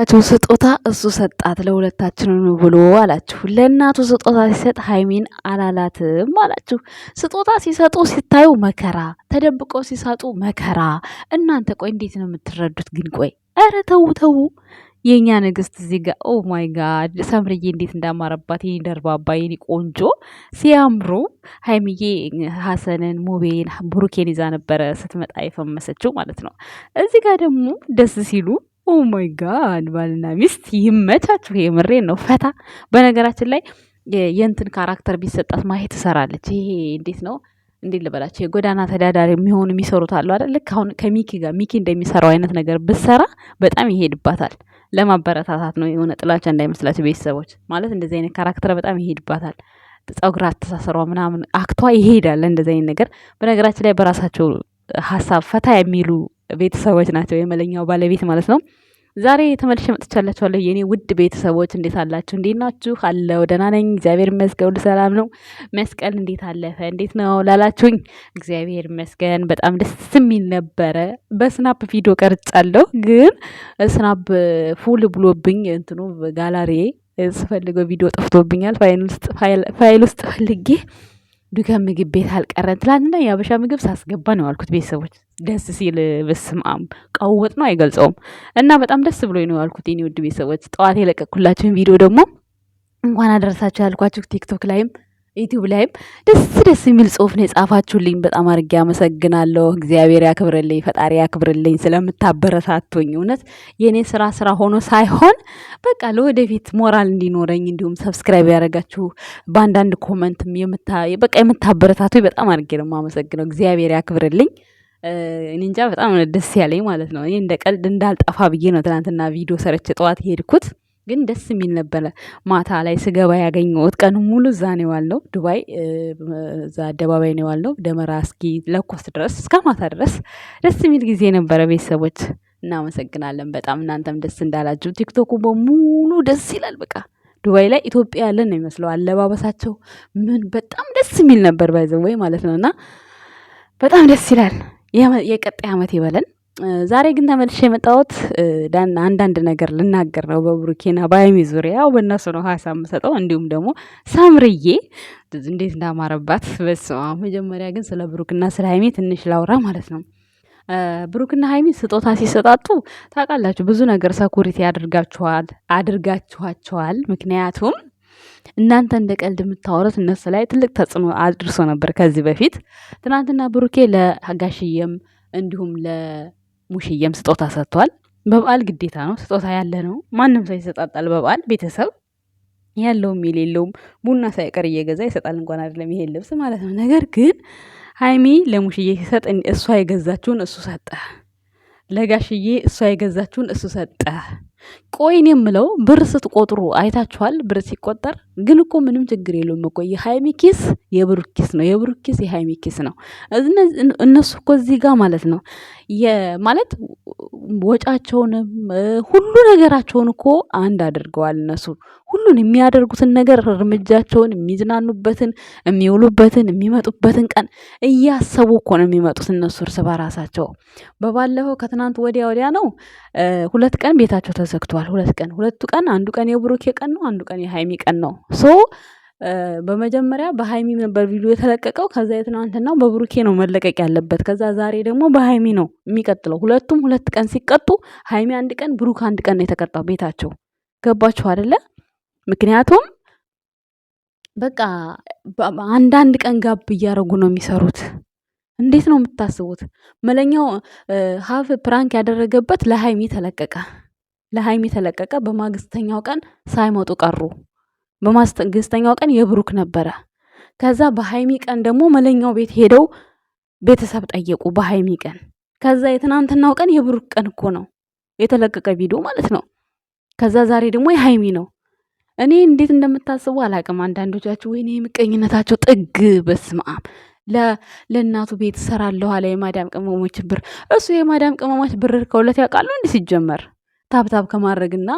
ያላችሁ ስጦታ እሱ ሰጣት ለሁለታችንን ብሎ አላችሁ። ለእናቱ ስጦታ ሲሰጥ ሀይሚን አላላትም አላችሁ። ስጦታ ሲሰጡ ሲታዩ መከራ፣ ተደብቀው ሲሰጡ መከራ። እናንተ ቆይ እንዴት ነው የምትረዱት? ግን ቆይ ኧረ ተዉ ተዉ። የእኛ ንግስት እዚህ ጋር ኦ ማይ ጋድ ሰምርዬ እንዴት እንዳማረባት ይህ ደርባባ ይህ ቆንጆ ሲያምሩ ሀይሚዬ ሀሰንን ሙቤን ብሩኬን ይዛ ነበረ ስትመጣ የፈመሰችው ማለት ነው። እዚህ ጋር ደግሞ ደስ ሲሉ ኦ ማይ ጋድ ባልና ሚስት ይመቻችሁ። የምሬን ነው። ፈታ በነገራችን ላይ የእንትን ካራክተር ቢሰጣት ማየት ትሰራለች። ይሄ እንዴት ነው እንዴት ልበላቸው፣ የጎዳና ተዳዳሪ የሚሆኑ የሚሰሩት አሉ አይደል? ልክ አሁን ከሚኪ ጋር ሚኪ እንደሚሰራው አይነት ነገር ብትሰራ በጣም ይሄድባታል። ለማበረታታት ነው የሆነ ጥላቻ እንዳይመስላቸው ቤተሰቦች። ማለት እንደዚህ አይነት ካራክተር በጣም ይሄድባታል። ጸጉር አተሳሰሯ ምናምን አክቷ ይሄዳል። እንደዚህ አይነት ነገር በነገራችን ላይ በራሳቸው ሀሳብ ፈታ የሚሉ ቤተሰቦች ናቸው፣ የመለኛው ባለቤት ማለት ነው። ዛሬ ተመልሼ መጥቻላችኋለሁ የእኔ ውድ ቤተሰቦች፣ እንዴት አላችሁ? እንዴት ናችሁ? አለው ደህና ነኝ፣ እግዚአብሔር ይመስገን፣ ሁሉ ሰላም ነው። መስቀል እንዴት አለፈ? እንዴት ነው ላላችሁኝ፣ እግዚአብሔር ይመስገን በጣም ደስ የሚል ነበረ። በስናፕ ቪዲዮ ቀርጫለሁ፣ ግን ስናፕ ፉል ብሎብኝ እንትኑ ጋላሪ ስፈልገው ቪዲዮ ጠፍቶብኛል። ፋይል ውስጥ ፈልጌ ዱከም ምግብ ቤት አልቀረን። ትላንትና የአበሻ ምግብ ሳስገባ ነው ያልኩት። ቤተሰቦች ደስ ሲል በስማም ቀወጥ ነው አይገልጸውም። እና በጣም ደስ ብሎኝ ነው ያልኩት የኔ ውድ ቤተሰቦች። ጠዋት የለቀኩላችሁን ቪዲዮ ደግሞ እንኳን አደረሳችሁ ያልኳችሁ ቲክቶክ ላይም ዩቲዩብ ላይም ደስ ደስ የሚል ጽሁፍ ነው የጻፋችሁልኝ። በጣም አድርጌ አመሰግናለሁ። እግዚአብሔር ያክብርልኝ፣ ፈጣሪ ያክብርልኝ ስለምታበረታቱኝ። እውነት የእኔ ስራ ስራ ሆኖ ሳይሆን በቃ ለወደፊት ሞራል እንዲኖረኝ እንዲሁም ሰብስክራይብ ያደረጋችሁ በአንዳንድ ኮመንት በቃ የምታበረታቱኝ በጣም አድርጌ ነው የማመሰግነው። እግዚአብሔር ያክብርልኝ። እንጃ በጣም ደስ ያለኝ ማለት ነው። እኔ እንደ ቀልድ እንዳልጠፋ ብዬ ነው ትናንትና ቪዲዮ ሰረች ጠዋት ሄድኩት። ግን ደስ የሚል ነበረ። ማታ ላይ ስገባ ያገኘሁት ቀኑ ሙሉ እዛ ነው የዋልነው። ዱባይ እዛ አደባባይ ነው የዋልነው። ደመራ እስኪ ለኮስ ድረስ እስከ ማታ ድረስ ደስ የሚል ጊዜ ነበረ። ቤተሰቦች እናመሰግናለን በጣም እናንተም ደስ እንዳላችሁ። ቲክቶኩ በሙሉ ደስ ይላል። በቃ ዱባይ ላይ ኢትዮጵያ ያለን ነው ይመስለው አለባበሳቸው ምን በጣም ደስ የሚል ነበር። ባይዘወይ ማለት ነው እና በጣም ደስ ይላል። የቀጣይ ዓመት ይበለን። ዛሬ ግን ተመልሼ የመጣሁት አንዳንድ ነገር ልናገር ነው። በብሩኬና በሀይሚ ዙሪያ ያው በእነሱ ነው ሀሳብ የምሰጠው። እንዲሁም ደግሞ ሳምርዬ እንዴት እንዳማረባት በስመ አብ። መጀመሪያ ግን ስለ ብሩክና ስለ ሀይሚ ትንሽ ላውራ ማለት ነው። ብሩክና ሀይሚ ስጦታ ሲሰጣጡ ታውቃላችሁ፣ ብዙ ነገር ሰኩሪቲ አድርጋችኋል አድርጋችኋቸዋል። ምክንያቱም እናንተ እንደ ቀልድ የምታወረት እነሱ ላይ ትልቅ ተጽዕኖ አድርሶ ነበር ከዚህ በፊት ትናንትና ብሩኬ ለጋሽየም እንዲሁም ሙሽዬም ስጦታ ሰጥቷል። በበዓል ግዴታ ነው ስጦታ ያለ ነው። ማንም ሰው ይሰጣጣል በበዓል ቤተሰብ ያለውም የሌለውም ቡና ሳይቀር እየገዛ ይሰጣል። እንኳን አይደለም ይሄ ልብስ ማለት ነው። ነገር ግን ሀይሚ ለሙሽዬ ሲሰጥ እሷ የገዛችውን እሱ ሰጠ፣ ለጋሽዬ እሷ የገዛችውን እሱ ሰጠ። ቆይን የምለው ብር ስትቆጥሩ አይታችኋል? ብር ሲቆጠር ግን እኮ ምንም ችግር የለውም እኮ የሃይሚ ኪስ የብሩክ ኪስ ነው፣ የብሩክ ኪስ የሀይሚ ኪስ ነው። እነሱ እኮ እዚህ ጋር ማለት ነው ማለት ወጫቸውንም ሁሉ ነገራቸውን እኮ አንድ አድርገዋል። እነሱ ሁሉን የሚያደርጉትን ነገር እርምጃቸውን፣ የሚዝናኑበትን፣ የሚውሉበትን፣ የሚመጡበትን ቀን እያሰቡ እኮ ነው የሚመጡት እነሱ እርስ በራሳቸው። በባለፈው ከትናንት ወዲያ ወዲያ ነው ሁለት ቀን ቤታቸው ተዘግቷል። ሁለት ቀን ሁለቱ ቀን አንዱ ቀን የብሩኬ ቀን ነው፣ አንዱ ቀን የሀይሚ ቀን ነው። ሶ በመጀመሪያ በሀይሚ ነበር ቪዲዮ የተለቀቀው። ከዛ የትናንትናው በብሩኬ ነው መለቀቅ ያለበት። ከዛ ዛሬ ደግሞ በሀይሚ ነው የሚቀጥለው። ሁለቱም ሁለት ቀን ሲቀጡ ሀይሚ አንድ ቀን፣ ብሩክ አንድ ቀን ነው የተቀጣው ቤታቸው። ገባችሁ አደለ? ምክንያቱም በቃ አንዳንድ ቀን ጋብ እያደረጉ ነው የሚሰሩት። እንዴት ነው የምታስቡት? መለኛው ሀፍ ፕራንክ ያደረገበት ለሀይሚ ተለቀቀ፣ ለሀይሚ ተለቀቀ። በማግስተኛው ቀን ሳይመጡ ቀሩ። በማስጠንገስተኛው ቀን የብሩክ ነበረ። ከዛ በሃይሚ ቀን ደግሞ መለኛው ቤት ሄደው ቤተሰብ ጠየቁ። በሃይሚ ቀን ከዛ የትናንትናው ቀን የብሩክ ቀን እኮ ነው የተለቀቀ ቪዲዮ ማለት ነው። ከዛ ዛሬ ደግሞ የሃይሚ ነው። እኔ እንዴት እንደምታስቡ አላቅም። አንዳንዶቻችሁ ወይኔ የምቀኝነታቸው ጥግ በስማም ለእናቱ ቤት አለ የማዳም ቅመሞች ብር እሱ የማዳም ቅመሞች ብር ከሁለት ያውቃሉ እንዲህ ሲጀመር ታብታብ ከማድረግና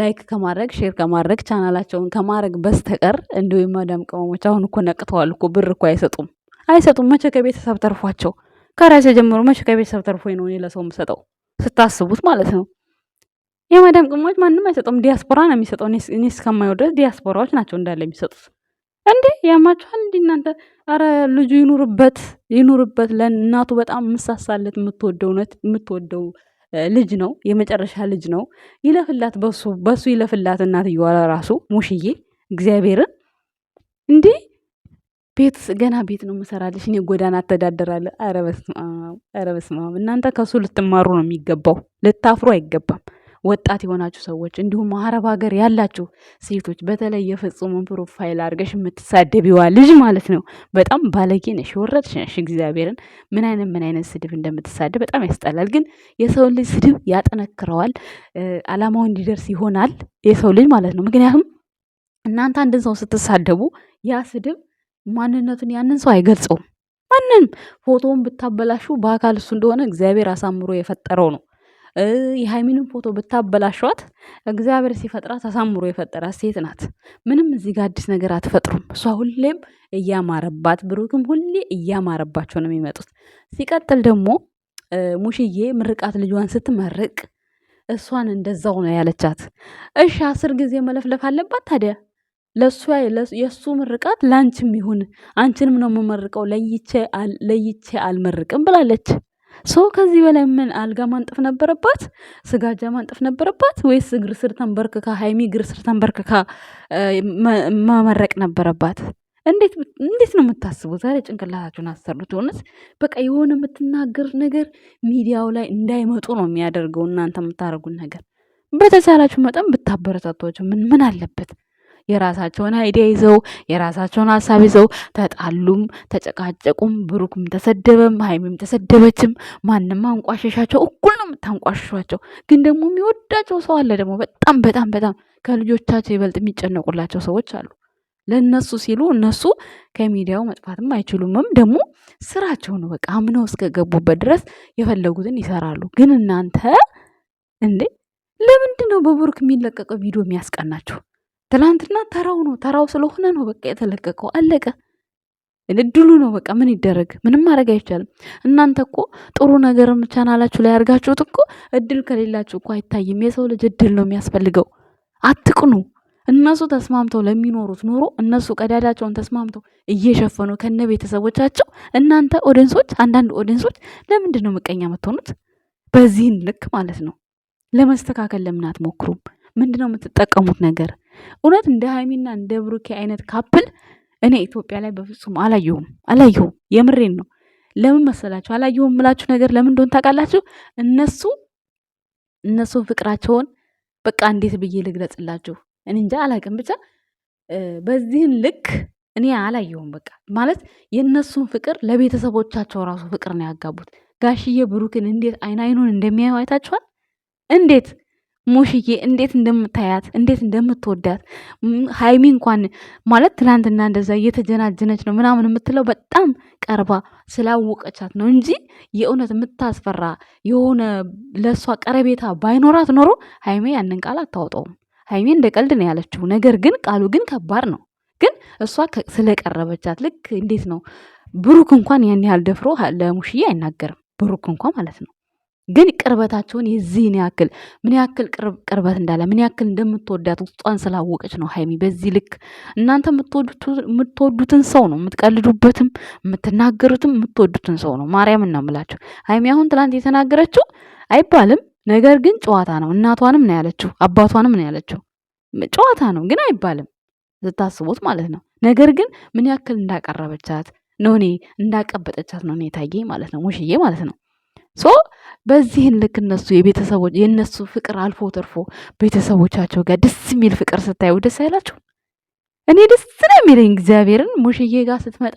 ላይክ ከማድረግ ሼር ከማድረግ ቻናላቸውን ከማድረግ በስተቀር እንዲሁ የማዳም ቅመሞች አሁን እኮ ነቅተዋል እኮ ብር እኮ አይሰጡም አይሰጡም። መቼ ከቤተሰብ ተርፏቸው ከራሴ ጀምሮ መቼ ከቤተሰብ ተርፎ ነው እኔ ለሰው የምሰጠው ስታስቡት ማለት ነው። የማዳም ቅመሞች ማንም አይሰጠውም፣ ዲያስፖራ ነው የሚሰጠው። እኔ እስከማየው ድረስ ዲያስፖራዎች ናቸው እንዳለ የሚሰጡት። እንዴ ያማችኋል? እንዲ እናንተ አረ ልጁ ይኑርበት ይኑርበት፣ ለእናቱ በጣም የምሳሳለት የምትወደው ነት የምትወደው ልጅ ነው፣ የመጨረሻ ልጅ ነው። ይለፍላት፣ በሱ በሱ ይለፍላት። እናትየዋ ራሱ ሙሽዬ እግዚአብሔርን እንዲህ ቤት ገና ቤት ነው ምሰራለሽ፣ እኔ ጎዳና አተዳደራለሁ። ኧረ በስመ አብ እናንተ ከሱ ልትማሩ ነው የሚገባው፣ ልታፍሩ አይገባም። ወጣት የሆናችሁ ሰዎች እንዲሁም አረብ ሀገር ያላችሁ ሴቶች በተለይ የፍጹምን ፕሮፋይል አድርገሽ የምትሳደቢዋ ልጅ ማለት ነው። በጣም ባለጌ ነሽ፣ ወረድሽ ነሽ። እግዚአብሔርን ምን አይነት ምን አይነት ስድብ እንደምትሳደብ በጣም ያስጠላል። ግን የሰውን ልጅ ስድብ ያጠነክረዋል፣ አላማው እንዲደርስ ይሆናል የሰው ልጅ ማለት ነው። ምክንያቱም እናንተ አንድን ሰው ስትሳደቡ ያ ስድብ ማንነቱን ያንን ሰው አይገልጸውም። ማንም ፎቶውን ብታበላሹ በአካል እሱ እንደሆነ እግዚአብሔር አሳምሮ የፈጠረው ነው። የሃይሚንን ፎቶ ብታበላሿት እግዚአብሔር ሲፈጥራ ተሳምሮ የፈጠራት ሴት ናት። ምንም እዚህ ጋር አዲስ ነገር አትፈጥሩም። እሷ ሁሌም እያማረባት፣ ብሩክም ሁሌ እያማረባቸው ነው የሚመጡት። ሲቀጥል ደግሞ ሙሽዬ ምርቃት ልጇን ስትመርቅ እሷን እንደዛው ነው ያለቻት። እሺ አስር ጊዜ መለፍለፍ አለባት ታዲያ ለሱ የእሱ ምርቃት ለአንቺም ይሁን አንቺንም ነው የምመርቀው ለይቼ አልመርቅም ብላለች። ሶ ከዚህ በላይ ምን አልጋ ማንጠፍ ነበረባት? ስጋጃ ማንጠፍ ነበረባት? ወይስ እግር ስር ተንበርክካ ሀይሚ እግር ስር ተንበርክካ መመረቅ ነበረባት? እንዴት ነው የምታስቡ? ዛሬ ጭንቅላታችሁን አሰሩት። እውነት በቃ የሆነ የምትናገር ነገር ሚዲያው ላይ እንዳይመጡ ነው የሚያደርገው። እናንተ የምታደርጉት ነገር በተቻላችሁ መጠን ብታበረታቷቸው ምን ምን አለበት? የራሳቸውን አይዲያ ይዘው የራሳቸውን ሀሳብ ይዘው ተጣሉም፣ ተጨቃጨቁም፣ ብሩክም ተሰደበም፣ ሀይሚም ተሰደበችም፣ ማንም አንቋሸሻቸው። እኩል ነው የምታንቋሸሿቸው። ግን ደግሞ የሚወዳቸው ሰው አለ ደግሞ በጣም በጣም በጣም ከልጆቻቸው ይበልጥ የሚጨነቁላቸው ሰዎች አሉ። ለእነሱ ሲሉ እነሱ ከሚዲያው መጥፋትም አይችሉምም። ደግሞ ስራቸው ነው። በቃ አምነው እስከገቡበት ድረስ የፈለጉትን ይሰራሉ። ግን እናንተ እንዴ ለምንድን ነው በብሩክ የሚለቀቀው ቪዲዮ የሚያስቀናቸው? ትላንትና ተራው ነው። ተራው ስለሆነ ነው በቃ የተለቀቀው። አለቀ። እድሉ ነው በቃ ምን ይደረግ? ምንም ማድረግ አይቻልም። እናንተ እኮ ጥሩ ነገርም ቻናላችሁ ላይ አድርጋችሁት እኮ እድል ከሌላችሁ እኮ አይታይም። የሰው ልጅ እድል ነው የሚያስፈልገው። አትቅኑ። እነሱ ተስማምተው ለሚኖሩት ኑሮ እነሱ ቀዳዳቸውን ተስማምተው እየሸፈኑ ከነ ቤተሰቦቻቸው እናንተ ኦዲንሶች፣ አንዳንድ ኦዲንሶች ለምንድን ነው ምቀኛ የምትሆኑት? በዚህን ልክ ማለት ነው። ለመስተካከል ለምን አትሞክሩም? ምንድነው የምትጠቀሙት ነገር? እውነት እንደ ሀይሚና እንደ ብሩኬ አይነት ካፕል እኔ ኢትዮጵያ ላይ በፍጹም አላየሁም አላየሁም። የምሬን ነው። ለምን መሰላችሁ አላየሁም የምላችሁ ነገር ለምን እንደሆን ታውቃላችሁ? እነሱ እነሱ ፍቅራቸውን በቃ እንዴት ብዬ ልግለጽላችሁ? እኔ እንጃ አላውቅም። ብቻ በዚህን ልክ እኔ አላየሁም። በቃ ማለት የእነሱን ፍቅር ለቤተሰቦቻቸው ራሱ ፍቅር ነው ያጋቡት። ጋሽዬ ብሩክን እንዴት አይን አይኑን እንደሚያዩ አይታችኋል? እንዴት ሙሽዬ እንዴት እንደምታያት እንዴት እንደምትወዳት ሀይሚ እንኳን ማለት ትናንትና እንደዛ እየተጀናጀነች ነው ምናምን የምትለው በጣም ቀርባ ስላወቀቻት ነው እንጂ የእውነት የምታስፈራ የሆነ ለእሷ ቀረቤታ ባይኖራት ኖሮ ሀይሜ ያንን ቃል አታወጣውም። ሀይሜ እንደ ቀልድ ነው ያለችው፣ ነገር ግን ቃሉ ግን ከባድ ነው። ግን እሷ ስለቀረበቻት ልክ እንዴት ነው ብሩክ እንኳን ያን ያህል ደፍሮ ለሙሽዬ አይናገርም። ብሩክ እንኳን ማለት ነው ግን ቅርበታቸውን የዚህን ያክል ምን ያክል ቅርበት እንዳለ ምን ያክል እንደምትወዳት ውስጧን ስላወቀች ነው ሀይሚ በዚህ ልክ። እናንተ የምትወዱትን ሰው ነው የምትቀልዱበትም የምትናገሩትም የምትወዱትን ሰው ነው። ማርያም እናምላቸው ሀይሚ አሁን ትናንት የተናገረችው አይባልም፣ ነገር ግን ጨዋታ ነው። እናቷንም ነው ያለችው፣ አባቷንም ነው ያለችው። ጨዋታ ነው ግን አይባልም ስታስቡት ማለት ነው። ነገር ግን ምን ያክል እንዳቀረበቻት ነው እኔ እንዳቀበጠቻት ነው እኔ ታዬ ማለት ነው ሙሽዬ ማለት ነው ሶ በዚህን ልክ እነሱ የቤተሰቦች የእነሱ ፍቅር አልፎ ተርፎ ቤተሰቦቻቸው ጋር ደስ የሚል ፍቅር ስታዩ ደስ አይላችሁ? እኔ ደስ ነው የሚለኝ እግዚአብሔርን ሙሽዬ ጋር ስትመጣ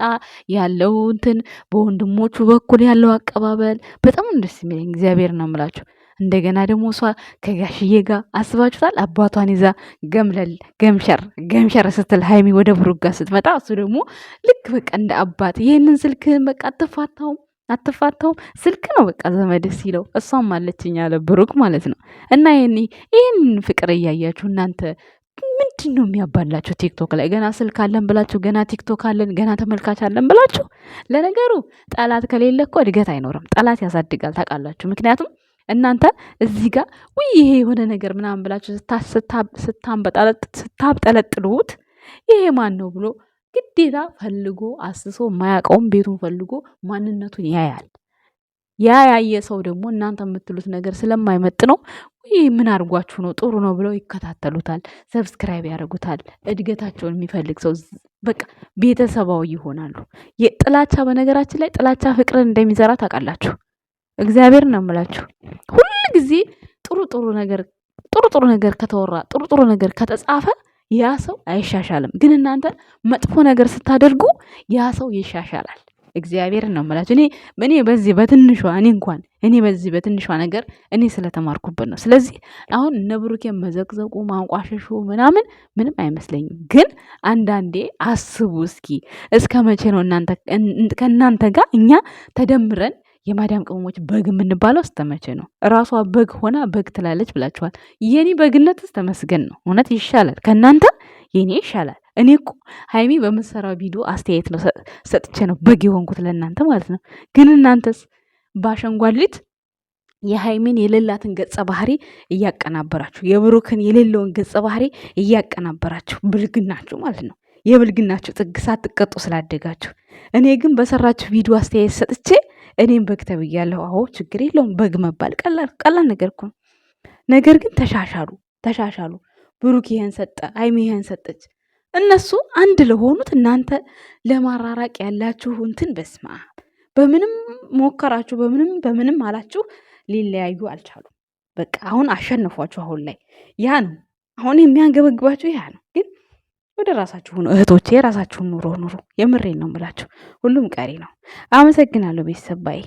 ያለው እንትን በወንድሞቹ በኩል ያለው አቀባበል በጣም ደስ የሚለኝ እግዚአብሔር ነው የምላችሁ። እንደገና ደግሞ እሷ ከጋሽዬ ጋር አስባችሁታል። አባቷን ይዛ ገምለል ገምሸር ገምሸር ስትል ሀይሚ ወደ ብሩጋ ስትመጣ እሱ ደግሞ ልክ በቃ እንደ አባት ይህንን ስልክህን በቃ አትፋታውም አትፋታውም። ስልክ ነው በቃ ዘመድ ሲለው እሷም አለችኝ አለ ብሩክ ማለት ነው። እና ይሄኔ ይህን ፍቅር እያያችሁ እናንተ ምንድን ነው የሚያባላችሁ? ቲክቶክ ላይ ገና ስልክ አለን ብላችሁ፣ ገና ቲክቶክ አለን፣ ገና ተመልካች አለን ብላችሁ። ለነገሩ ጠላት ከሌለ እኮ እድገት አይኖርም። ጠላት ያሳድጋል ታውቃላችሁ። ምክንያቱም እናንተ እዚህ ጋር ውይ ይሄ የሆነ ነገር ምናምን ብላችሁ ስታንበጣለጥ ስታብጠለጥሉት ይሄ ማን ነው ብሎ ግዴታ ፈልጎ አስሶ የማያውቀውም ቤቱን ፈልጎ ማንነቱን ያያል። ያ ያየ ሰው ደግሞ እናንተ የምትሉት ነገር ስለማይመጥ ነው ወይ ምን አድርጓችሁ ነው ጥሩ ነው ብለው ይከታተሉታል፣ ሰብስክራይብ ያደርጉታል። እድገታቸውን የሚፈልግ ሰው በቃ ቤተሰባዊ ይሆናሉ። ጥላቻ በነገራችን ላይ ጥላቻ ፍቅርን እንደሚዘራ ታውቃላችሁ። እግዚአብሔር ነው የምላችሁ። ሁል ጊዜ ጥሩ ጥሩ ነገር ጥሩ ጥሩ ነገር ከተወራ ጥሩ ጥሩ ነገር ከተጻፈ ያ ሰው አይሻሻልም። ግን እናንተ መጥፎ ነገር ስታደርጉ ያ ሰው ይሻሻላል። እግዚአብሔር ነው የምላችሁ። እኔ እኔ በዚህ በትንሿ እኔ እንኳን እኔ በዚህ በትንሿ ነገር እኔ ስለተማርኩበት ነው። ስለዚህ አሁን እነ ብሩኬን መዘቅዘቁ ማንቋሸሹ ምናምን ምንም አይመስለኝም። ግን አንዳንዴ አስቡ እስኪ እስከ መቼ ነው እናንተ ከእናንተ ጋር እኛ ተደምረን የማዳም ቅመሞች በግ የምንባለው ስተመቼ ነው? እራሷ በግ ሆና በግ ትላለች ብላችኋል። የኔ በግነት ስተመስገን ነው። እውነት ይሻላል፣ ከእናንተ የኔ ይሻላል። እኔ እኮ ሀይሚ በምትሰራው ቪዲዮ አስተያየት ነው ሰጥቼ ነው በግ የሆንኩት ለእናንተ ማለት ነው። ግን እናንተስ ባሸንጓሊት የሀይሚን የሌላትን ገጸ ባህሪ እያቀናበራችሁ የብሩክን የሌለውን ገጸ ባህሪ እያቀናበራችሁ ብልግናችሁ ማለት ነው። የብልግናችሁ ጥግ ሳትቀጡ ስላደጋችሁ። እኔ ግን በሰራችሁ ቪዲዮ አስተያየት ሰጥቼ እኔም በግ ተብያለሁ። አዎ ችግር የለውም በግ መባል ቀላል ነገር እኮ ነው። ነገር ግን ተሻሻሉ ተሻሻሉ። ብሩክ ይሄን ሰጠ፣ አይሚ ይሄን ሰጠች። እነሱ አንድ ለሆኑት እናንተ ለማራራቅ ያላችሁ እንትን በስማ በምንም ሞከራችሁ፣ በምንም በምንም አላችሁ ሊለያዩ አልቻሉም። በቃ አሁን አሸነፏችሁ። አሁን ላይ ያ ነው አሁን የሚያንገበግባችሁ ያ ነው ግን ወደ ራሳችሁ ሁኑ እህቶቼ፣ የራሳችሁን ኑሮ ኑሩ። የምሬን ነው ምላችሁ ሁሉም ቀሪ ነው። አመሰግናለሁ ቤተሰብ ባይ